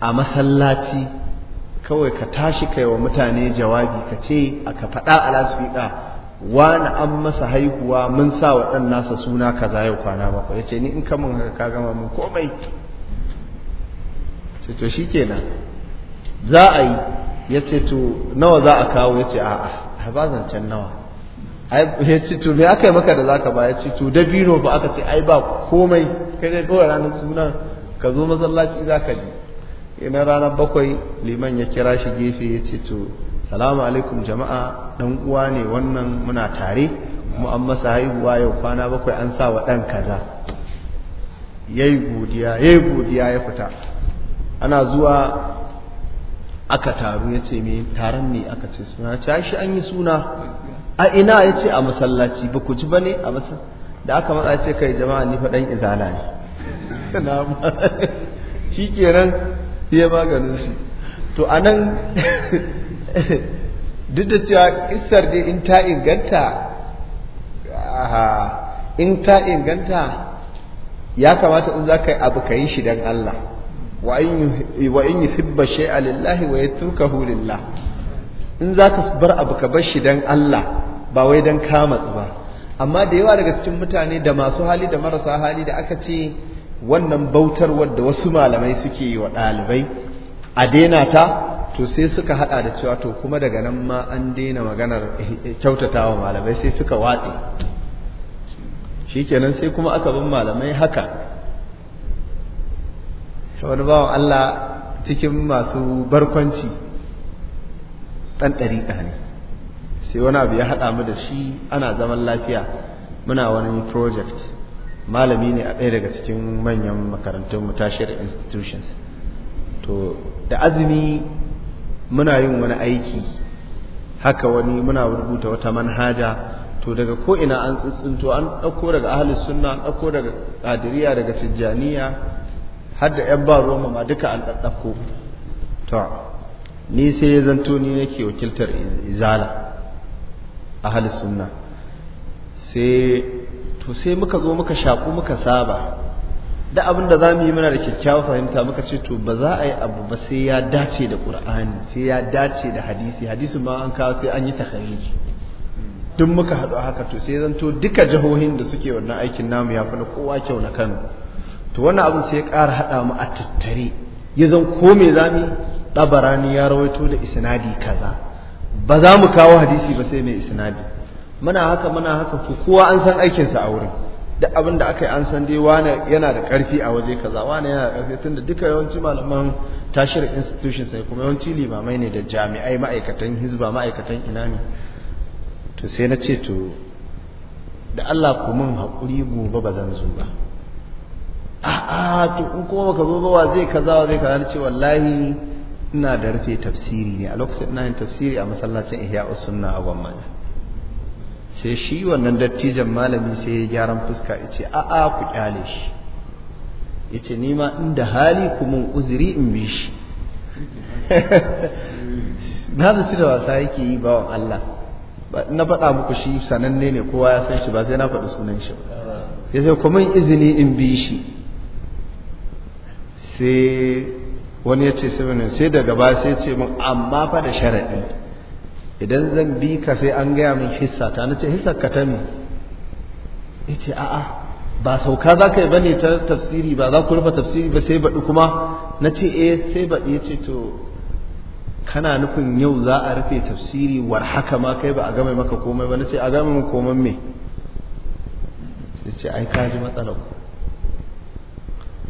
a masallaci kawai ka tashi kai wa mutane jawabi ka ce a ka faɗa a lasfiɗa wani an masa haihuwa mun sa wa ɗan nasa suna kaza yau kwana bakwai ya ce ni in ka haka ka gama mun komai ce to shi kenan za a yi ya ce to nawa za a kawo ya ce a'a ba zancen nawa ya ce to me aka yi maka da za ka ba ya ce to dabino ba aka ce ai ba komai kai ne kawai ranar suna ka zo masallaci za ka ji ina ranar bakwai liman ya kira shi gefe ya ce to salamu alaikum jama'a dan uwa ne wannan muna tare kuma an masa haihuwa yau kwana bakwai an sa wa ɗan kaza yayi godiya yayi godiya ya fita ana zuwa aka taru ya ce me taron ne aka ce suna ce shi an yi suna a ina ya ce a masallaci ba ku ci ba ne a masallaci da aka matsa ce kai jama'a ni faɗan izana ne shi kenan ya maganin shi to a nan duk da cewa kissar dai in ta inganta in ta inganta ya kamata in za ka yi abu ka yi shi don Allah wa in yuhibba shay'a lillahi wa yatrukahu lillah in zaka bar abu ka bar shi dan Allah ba wai dan kama ba amma da yawa daga cikin mutane da masu hali da marasa hali da aka ce wannan bautar wadda wasu malamai suke yi wa ɗalibai a daina ta to sai suka hada da cewa to kuma daga nan ma an daina maganar kyautata wa malamai sai suka watse shikenan sai kuma aka bin malamai haka wani bawan Allah cikin masu barkwanci ɗan ɗari ne sai wani abu ya haɗa mu da shi ana zaman lafiya muna wani project malami ne a ɗaya daga cikin manyan makarantun mu tashir institutions to da azumi muna yin wani aiki haka wani muna rubuta wata manhaja to daga ko'ina an tsuntsunto an ɗauko daga ahli sunna an ɗauko daga ƙadiriya daga tijjaniya har da ‘yan ba Roma ma duka an ɗaɗɗako ta ni sai ya zanto ni nake wakiltar izala a halin sai to sai muka zo muka shaƙu muka saba da abin da za mu yi muna da kyakkyawa fahimta muka ce to ba za a yi abu ba sai ya dace da ƙur'ani sai ya dace da hadisi hadisi ma an kawo sai an yi takariri duk muka haɗu haka to sai zanto duka jihohin da suke wannan aikin namu ya fi na kowa kyau na kano to wannan abin sai ya ƙara haɗa mu a tattare ya zan ko za mu ɗabara ni ya rawaito da isnadi kaza ba za mu kawo hadisi ba sai mai isnadi muna haka muna haka ku kowa an san aikinsa a wurin duk abin da aka yi an san dai wane yana da ƙarfi a waje kaza wane yana da ƙarfi tunda duka yawanci malaman tashir institution sai kuma yawanci limamai ne da jami'ai ma'aikatan hizba ma'aikatan ina ne to sai na ce to da Allah ku mun hakuri gobe ba zan zo ba a'a to in kuma baka zo ba wa zai kaza wa zai kaza ce wallahi ina da rufe tafsiri ne a lokacin ina yin tafsiri a masallacin ihya usunna a gwamma sai shi wannan dattijan malami sai ya gyaran fuska ya ce a'a ku kyale shi ya ce nima inda hali kuma uzuri in bi shi na zaci da wasa yake yi bawan Allah na faɗa muku shi sananne ne kowa ya san shi ba sai na faɗi sunan shi ba ya sai kuma izini in bi shi sai wani ya ce sabinin sai daga ba sai ce min amma fa da sharaɗi idan zan bi ka sai an gaya min hissa ta na ce hissa ka ta mi ya ce a'a ba sauka za ka yi ba ne ta tafsiri ba za ku rufa tafsiri ba sai baɗi kuma na ce eh sai baɗi ya ce to kana nufin yau za a rufe tafsiri war haka ma kai ba a game maka komai ba na ce a game min komai me sai ce ai ka ji matsalar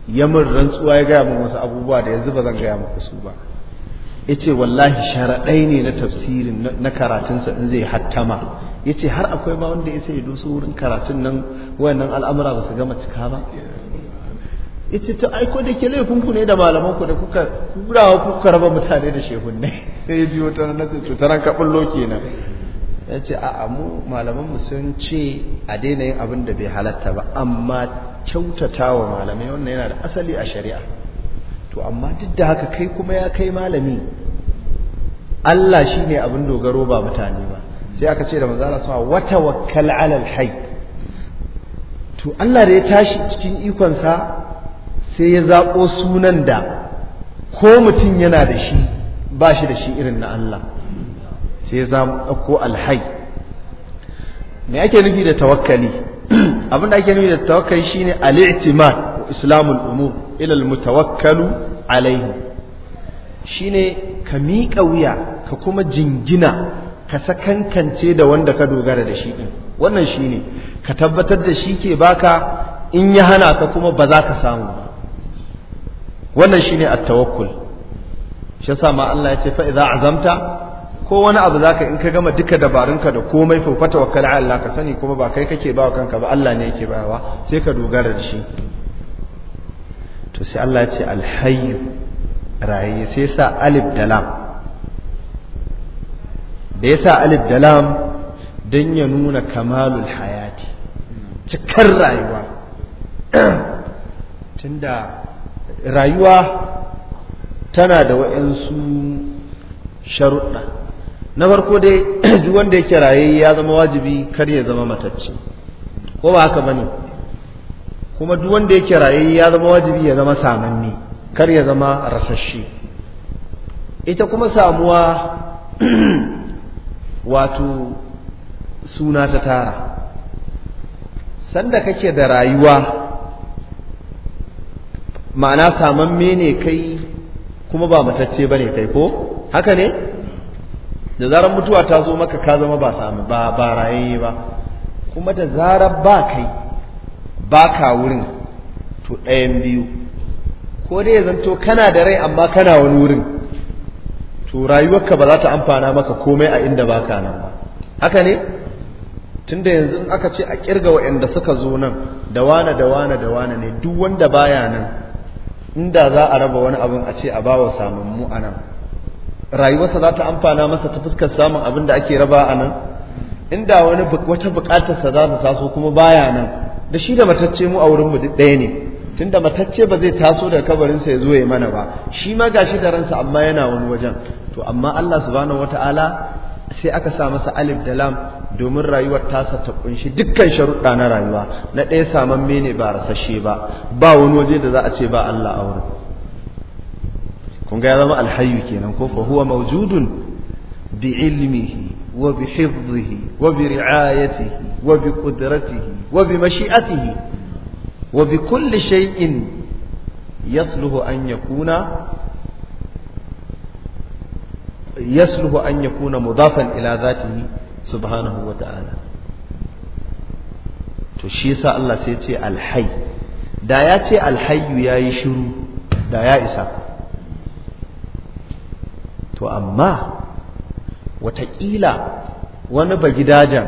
ya min rantsuwa ya gaya min wasu abubuwa da yanzu ba zan gaya muku su ba yace wallahi sharaɗai ne na tafsirin na karatunsa in zai hattama yace har akwai ma wanda ya sai doso wurin karatun nan wayannan al'amura ba su gama cika ba yace to ai ko da ke laifin ku ne da malaman ku da kuka kurawa kuka raba mutane da ne sai biyo ta nan to taran ka bullo kenan yace a'a mu malaman mu sun ce a daina yin abin da bai halatta ba amma kyautata wa malamai wannan yana da asali a shari'a to amma duk da haka kai kuma ya kai malami Allah shi ne abin dogaro ba mutane ba sai aka ce da maza Allah sama wata wakkal alal hai to Allah da ya tashi cikin ikonsa sai ya zaɓo sunan da ko mutum yana da shi ba shi da shi irin na Allah sai ya zaɓo ko alhai. me ake nufi da tawakkali abinda ake nufi da tawakkali shine al-i'timad wa islamul umur ila al-mutawakkalu alaihi shine ka miƙa wuya ka kuma jingina ka sakankance da wanda ka dogara da shi din wannan shine ka tabbatar da shi ke baka in ya hana ka kuma ba za ka samu ba wannan shine at-tawakkul shi yasa ma Allah ya ce fa idza azamta ko wani abu zaka in ka gama duka dabarunka da komai fa tawakkal Allah ka sani kuma ba kai kake ba kanka ba Allah ne yake bayawa sai ka dogara da shi to sai Allah ya ce alhayy rayi sai sa alif da lam da yasa alif da lam dan ya nuna kamalul hayati cikar rayuwa tunda rayuwa tana da wa'ansu sharuɗa na farko dai duk wanda yake raye ya zama wajibi kar ya zama matacce ko ba haka bane kuma duk wanda yake raye ya zama wajibi ya zama samanni kar ya zama rasasshe ita kuma samuwa wato suna ta tara sanda kake da rayuwa ma'ana samamme ne kai kuma ba matacce bane kai ko haka ne da zarar mutuwa ta zo maka ka zama ba sami ba ba rayayye ba kuma da zarar ba kai ba ka wurin to ɗayan biyu ko dai ya zanto kana da rai amma kana wani wurin to rayuwarka ba za ta amfana maka komai a inda baka nan ba haka ne tunda yanzu aka ce a kirga waɗanda suka zo nan da wane da wane da wane ne duk wanda baya nan inda za a raba wani abin a ce a bawa samammu a nan rayuwarsa za ta amfana masa ta fuskar samun abin da ake raba a nan inda wani wata bukatarsa za ta taso kuma baya nan da shi da matacce mu a wurin mu ɗaya ne tunda matacce ba zai taso daga kabarinsa ya zo ya mana ba shi ma gashi da ransa amma yana wani wajen to amma Allah subhanahu wataala sai aka sa masa alif da lam domin rayuwar tasa ta kunshi dukkan sharuɗa na rayuwa na ɗaya saman mene ba rasashe ba ba wani waje da za a ce ba Allah a wurin kun ga ya zama alhayu kenan ko fa huwa mawjudun bi ilmihi wa bi hifdhihi wa bi ri'ayatihi wa bi qudratihi wa bi mashi'atihi wa bi kulli shay'in yasluhu an yakuna yasluhu an yakuna mudafan ila dhatihi subhanahu wa ta'ala to shi yasa Allah sai ya ce alhayy da ya ce alhayyu yayi shiru da ya isa to amma watakila wani bagidajen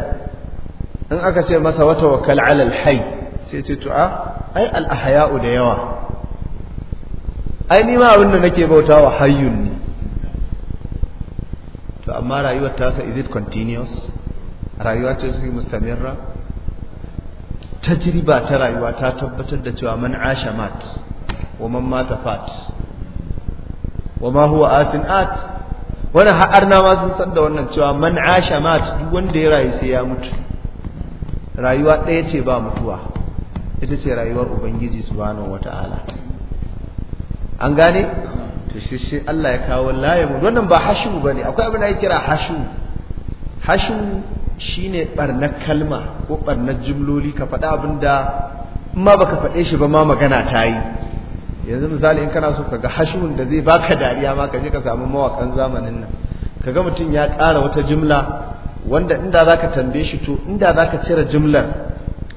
in aka ce masa wata wakal alal hai sai ce to ai al'ahaya'u da yawa ai nima abinda nake bauta wa hayyun ne to amma rayuwar tasa is it continuous rayuwa ce su mustamirra tajriba ta rayuwa ta tabbatar da cewa man asha mat wa man mata fat wa ma huwa atin at wani ha'ar na ma sun san da wannan cewa man asha mat duk wanda ya rayu sai ya mutu rayuwa ɗaya ce ba mutuwa ita ce rayuwar ubangiji subhanahu wataala an gane to shi shi Allah ya kawo mu wannan ba hashu bane akwai abin da ake kira hashu hashu shine barnar kalma ko barnar jumloli ka faɗa abin da ma baka faɗe shi ba ma magana ta yi yanzu misali in kana so ka ga hashun da zai baka dariya ma ka je ka samu mawakan zamanin nan ka ga mutum ya ƙara wata jimla wanda inda zaka tambaye shi to inda zaka cire jimlar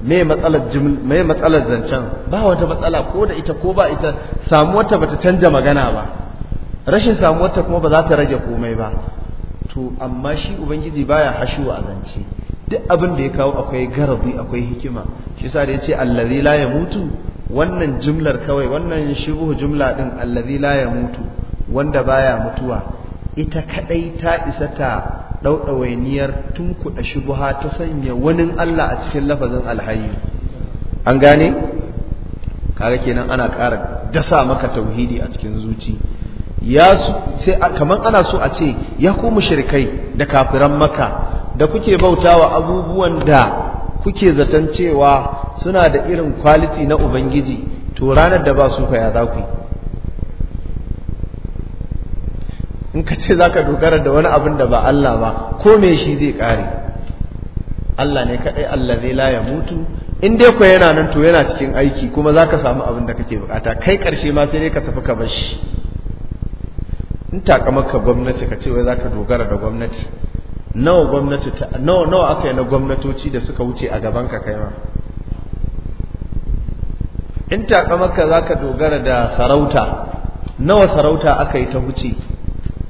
mai matsalar me matsalar zancen ba wata matsala ko da ita ko ba ita samuwarta bata canja magana ba rashin wata kuma ba za ta rage komai ba to amma shi ubangiji baya hashu a zance duk abin da ya kawo akwai garabi akwai hikima shi sa da yace allazi la yamutu wannan jimlar kawai wannan shubuhu jimla din allazi la ya mutu wanda baya mutuwa ita kadai ta isa ta daudawainiyar tunkuɗa shubuha ta sanya wani Allah a cikin lafazin alhayi an gane kaga kenan ana ƙara dasa maka tauhidi a cikin zuci ya sai kaman ana so a ce ya ku mushrikai da kafiran maka da kuke bautawa abubuwan da kuke zaton cewa suna da irin kwaliti na ubangiji to ranar da ba su fa za ku yi. in ka ce za ka dogara da wani abin da ba Allah ba ko me shi zai kare Allah ne kaɗai Allah zai la mutu in dai ku yana nan to yana cikin aiki kuma za ka samu abin da kake bukata kai ƙarshe ma sai dai ka tafi ka bar shi in takamaka gwamnati ka ce wai za ka dogara da gwamnati nawa nawa aka yi na gwamnatoci da suka wuce a gaban ka kai ma in maka za ka dogara da sarauta nawa sarauta aka yi ta huce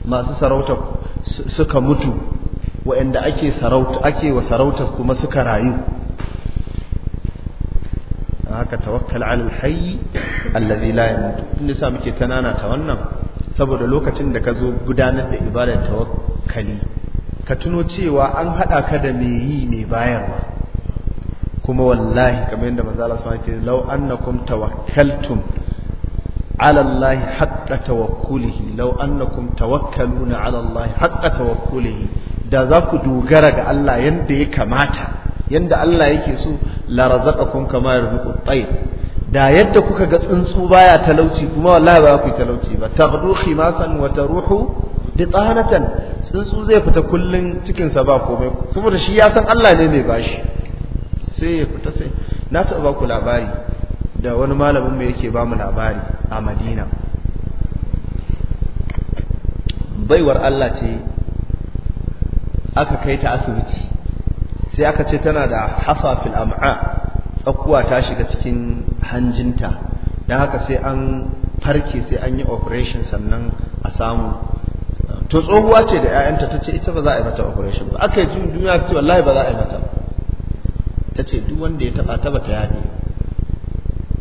masu sarauta suka mutu waɗanda ake ake wa sarauta kuma suka rayu haka tawakkal alal allazi la mutu, inda sa muke tanana ta wannan saboda lokacin da ka zo gudanar da ibadar tawakkali ka tuno cewa an haɗa ka da me yi mai bayarwa kuma wallahi kamar yadda maza Allah sallallahu alaihi wasallam ce law annakum tawakkaltum ala Allah haqqa tawakkulihi law annakum tawakkaluna ala Allah haqqa tawakkulihi da za ku dogara ga Allah yanda ya kamata yanda Allah yake so la razaqakum kama yarzuqu at-tayr da yadda kuka ga tsuntsu baya talauci kuma wallahi ba ku talauci ba taghdu khimasan wa taruhu bitanatan tsuntsu zai fita kullum cikinsa ba komai saboda shi ya san Allah ne mai bashi sai ya fita sai na taɓa ba ku labari da wani malamin mai yake ba mu labari a madina baiwar Allah ce aka kai ta asibiti sai aka ce tana da hasafil am'a tsakuwa ta shiga cikin hanjinta don haka sai an farke sai an yi operation sannan a samu to tsohuwa ce da 'ya'yanta ta ce ita ba za a yi mata operation ba aka yi duniya ta ce wallahi ba za a yi mata ba ta ce duk wanda ya taba ta bata yaɗe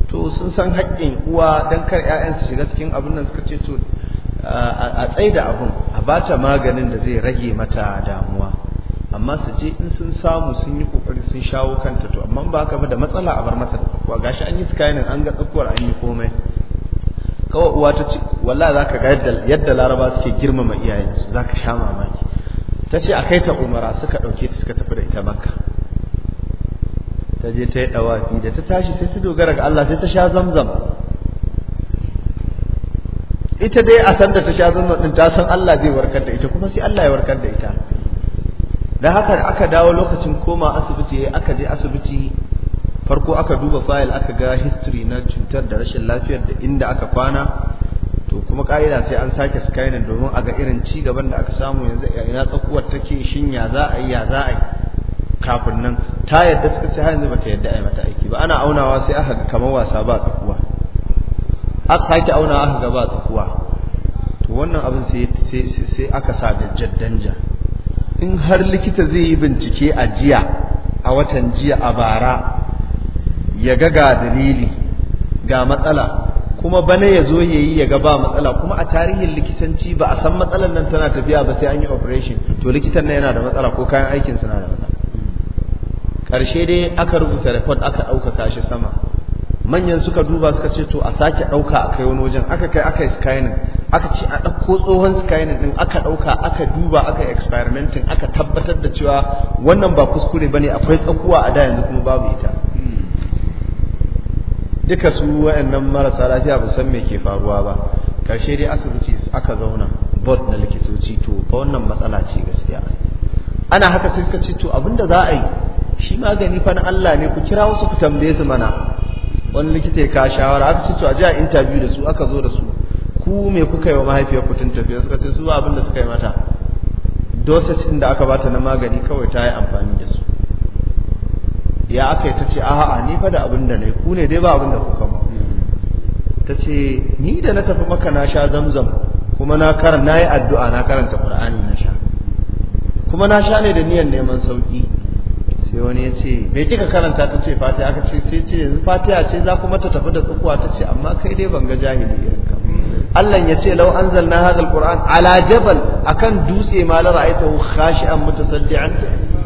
to sun san haƙƙin uwa don kar 'ya'yan su shiga cikin abin nan suka ce to a tsaida abin a bata maganin da zai rage mata damuwa amma su je in sun samu sun yi kokari sun shawo kanta to amma ba ka ba da matsala a bar masa da tsakuwa gashi an yi nan an ga tsakuwar an yi komai kawai uwa ta ce za ka ga yadda laraba suke girmama iyayensu Za ka sha mamaki ta ce a kai ta umara suka ɗauke ta suka tafi da ita makka ta je ta yi ɗawafi da ta tashi sai ta dogara ga Allah sai ta sha zamzam ita dai a san da ta sha zamzam ɗin ta san Allah zai warkar da ita kuma sai Allah ya warkar da ita da haka aka dawo lokacin koma asibiti aka je asibiti farko aka duba fayil aka ga history na cutar da rashin lafiyar da inda aka kwana to kuma ka'ida sai an sake scanning domin a ga irin ci gaban da aka samu yanzu ina tsakuwar take shin ya za a yi ya za a yi kafin nan ta yadda suka ce har yanzu ta yadda yi mata aiki ba ana aunawa sai aka ga kamar wasa ba tsakuwa aka sake auna aka ga ba tsakuwa to wannan abin sai aka sa da jaddanja in har likita zai yi bincike a jiya a watan jiya a bara ya ga ga dalili ga matsala kuma bana ya zo ya yi ya ga ba matsala kuma a tarihin likitanci ba a san matsalar nan tana tafiya ba sai an yi operation to likitan nan yana da matsala ko kayan aikin suna da matsala Karshe dai aka rubuta report aka daukaka shi sama manyan suka duba suka ce to a sake ɗauka a kai wani wajen aka kai aka yi skyning aka ce a ɗauko tsohon skyning ɗin aka ɗauka aka duba aka experimenting aka tabbatar da cewa wannan ba kuskure ba ne akwai tsakuwa a da yanzu kuma babu ita duka su wayannan marasa lafiya ba san me ke faruwa ba karshe dai asibiti aka zauna board na likitoci to ba wannan matsala ce gaskiya ana haka sai suka ce to abinda za a yi shi magani fa na Allah ne ku kira wasu ku tambaye su mana wani likita ya ka shawara aka ce to a ji a interview da su aka zo da su ku me kuka yi wa mahaifiyar ku tun suka ce su abin da suka yi mata dosage din da aka bata na magani kawai ta yi amfani da su ya aka yi ta ce a'a ni fa da abin da ne ku ne dai ba abin da kuka ba ta ce ni da na tafi maka na sha zamzam kuma na karan na yi addu'a na karanta qur'ani na sha kuma na sha ne da niyan neman sauki sai wani ya ce me kika karanta ta ce fatiha aka ce sai ce yanzu fatiha ce za kuma ta tafi da tsakuwa ta ce amma kai dai ban ga jahili irin Allah ya ce lau anzalna hadha alquran ala jabal akan dutse ma la ra'aytahu khashi'an mutasaddian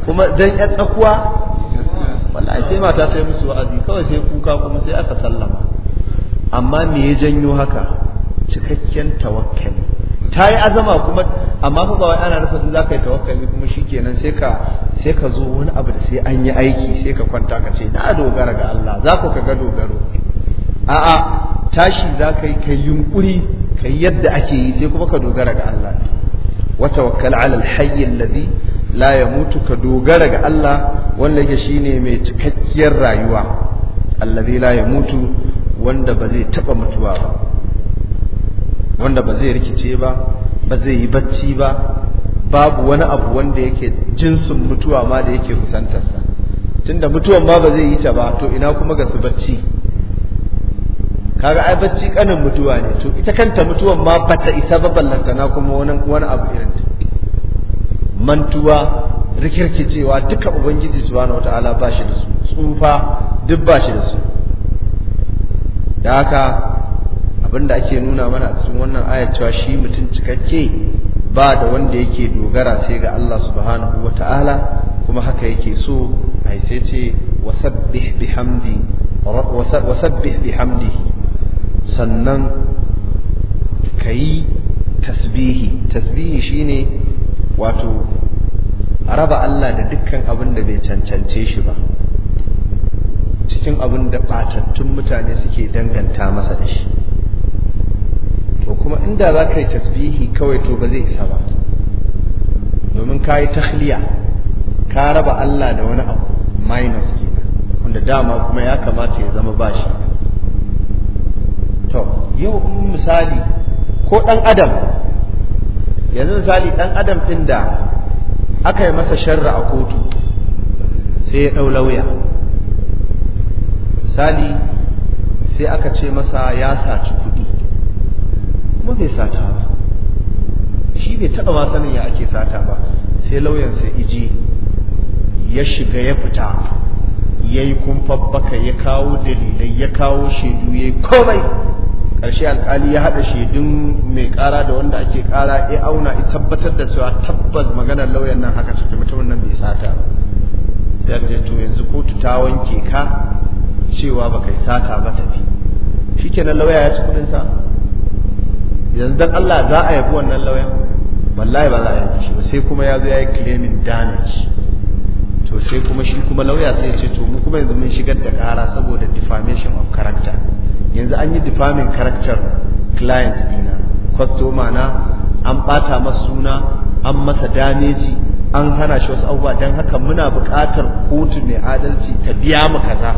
kuma dan ya tsakuwa wallahi sai mata ta yi musu wa'azi kawai sai kuka kuma sai aka sallama amma me ya janyo haka cikakken tawakkali ta yi azama kuma amma fa wai ana nufin za zaka yi tawakkali kuma shikenan sai ka sai ka zo wani abu da sai an yi aiki sai ka kwanta ka ce na dogara ga Allah za ku ka ga dogaro a'a tashi za ka yi ka yunkuri ka yadda ake yi sai kuma ka dogara ga Allah wa tawakkal ala al alladhi la yamutu ka dogara ga Allah wanda yake shine mai cikakkiyar rayuwa alladhi la yamutu wanda ba zai taba mutuwa ba wanda ba zai rikice ba ba zai yi bacci ba babu wani abu wanda yake jinsin mutuwa ma da yake kusantarsa tunda mutuwan ma ba zai yi ta ba to ina kuma ga su bacci kaga ai bacci kanin mutuwa ne to ita kanta mutuwan ma ba ta isa ba ballanta na kuma wani wani abu irin ta mantuwa rikirkicewa duka ubangiji subhanahu wataala ba shi da su tsufa duk ba shi da su da haka abinda ake nuna mana cikin wannan aya cewa shi mutum cikakke ba da wanda yake dogara sai ga Allah subhanahu Ta'ala kuma haka yake so ai sai ce wasabbih bihamdi wasabbih bihamdi sannan kayi tasbihi tasbihi shine wato araba Allah da dukkan abin da bai cancance shi ba cikin abin da batattun mutane suke danganta masa da shi inda za ka yi tasbihi kawai to ba zai isa ba domin ka yi takhliya ka raba Allah da wani abu minus ke wanda dama kuma ya kamata ya zama bashi to yau misali ko ɗan adam yanzu misali ɗan adam ɗin da aka yi masa sharra a kotu sai ya ɗau lauya misali sai aka ce masa ya saci kuɗi kuma bai sata ba shi bai taɓa ma sanin ya ake sata ba sai lauyansa iji ya shiga ya fita ya yi kumfabbaka ya kawo dalilai ya kawo shaidu ya yi komai ƙarshe alƙali ya haɗa shaidun mai ƙara da wanda ake ƙara ya auna ya tabbatar da cewa tabbas maganar lauyan nan haka cikin mutumin nan bai sata ba sai aka ce to yanzu kotu ta wanke ka cewa baka yi sata ba tafi shikenan lauya ya ci kuɗinsa yanzu dan Allah za a yabi wannan lauyan wallahi ba za a yabi shi ba sai kuma ya zo ya yi claiming damage to sai kuma shi kuma lauya sai ce to mu kuma yanzu mun shigar da kara saboda defamation of character yanzu an yi defaming character client dina customer na an bata masa suna an masa damage an hana shi wasu abubuwa don haka muna buƙatar kotu mai adalci ta biya mu kaza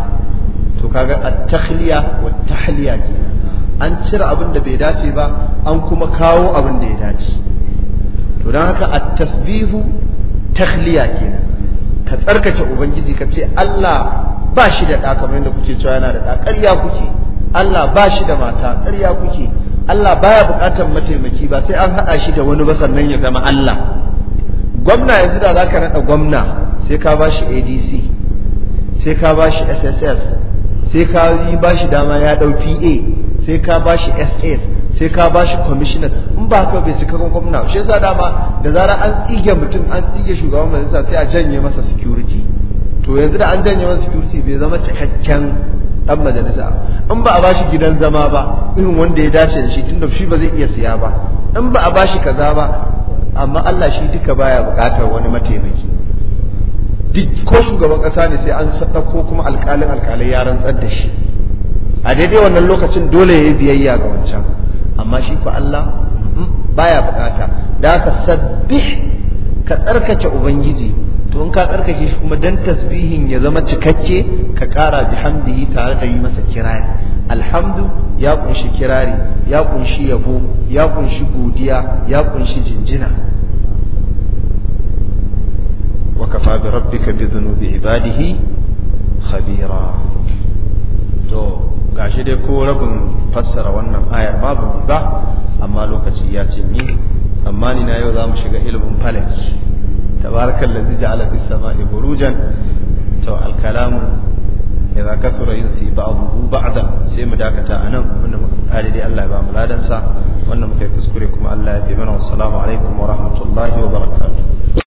to kaga at tahliya wa tahliya kenan an cire abin da bai dace ba an kuma kawo abin da ya dace to don haka a tasbihu takhliya kenan ka tsarkake ubangiji ka ce Allah ba shi da ɗa kamar yadda kuke cewa yana da ɗa ƙarya kuke Allah ba shi da mata ƙarya kuke Allah baya buƙatar mataimaki ba sai an haɗa shi da wani ba sannan ya zama Allah gwamna yanzu da zaka naɗa gwamna sai ka ba shi ADC sai ka ba shi SSS sai ka yi ba shi dama ya ɗau PA sai ka ba shi ss sai ka ba shi commissioner in ba ka bai cika gwamna shi yasa dama da zarar an tsige mutum an tsige shugaban majalisa sai a janye masa security to yanzu da an janye masa security bai zama cikakken dan majalisa in ba a ba shi gidan zama ba irin wanda ya dace da shi tunda shi ba zai iya siya ba in ba a ba shi kaza ba amma Allah shi duka baya bukatar wani mataimaki duk ko shugaban kasa ne sai an sadako kuma alƙalin alƙalai ya rantsar da shi a daidai wannan lokacin dole ya yi biyayya ga wancan amma shi ku Allah hmm, baya bukata da ka sabbih ka tsarkake ubangiji to in ka tsarkake shi kuma dan tasbihin ya zama cikakke ka kara bihamdihi tare da yi masa kirari alhamdu ya kunshi kirari ya kunshi yabo ya kunshi godiya ya kunshi jinjina wa kafa bi rabbika bi dhunubi gashi dai ko rabin fassara wannan ayar babu ba amma lokaci ya ce ni tsammani na yau za mu shiga ilimin falak tabarakan ladzi ja'ala fis sama'i burujan to al-kalamu idza kasura yusi ba'dahu ba'da sai mu dakata anan abinda muka kare dai Allah ya ba mu ladan sa wannan muka yi kuskure kuma Allah ya fi mana assalamu alaikum wa rahmatullahi wa barakatuh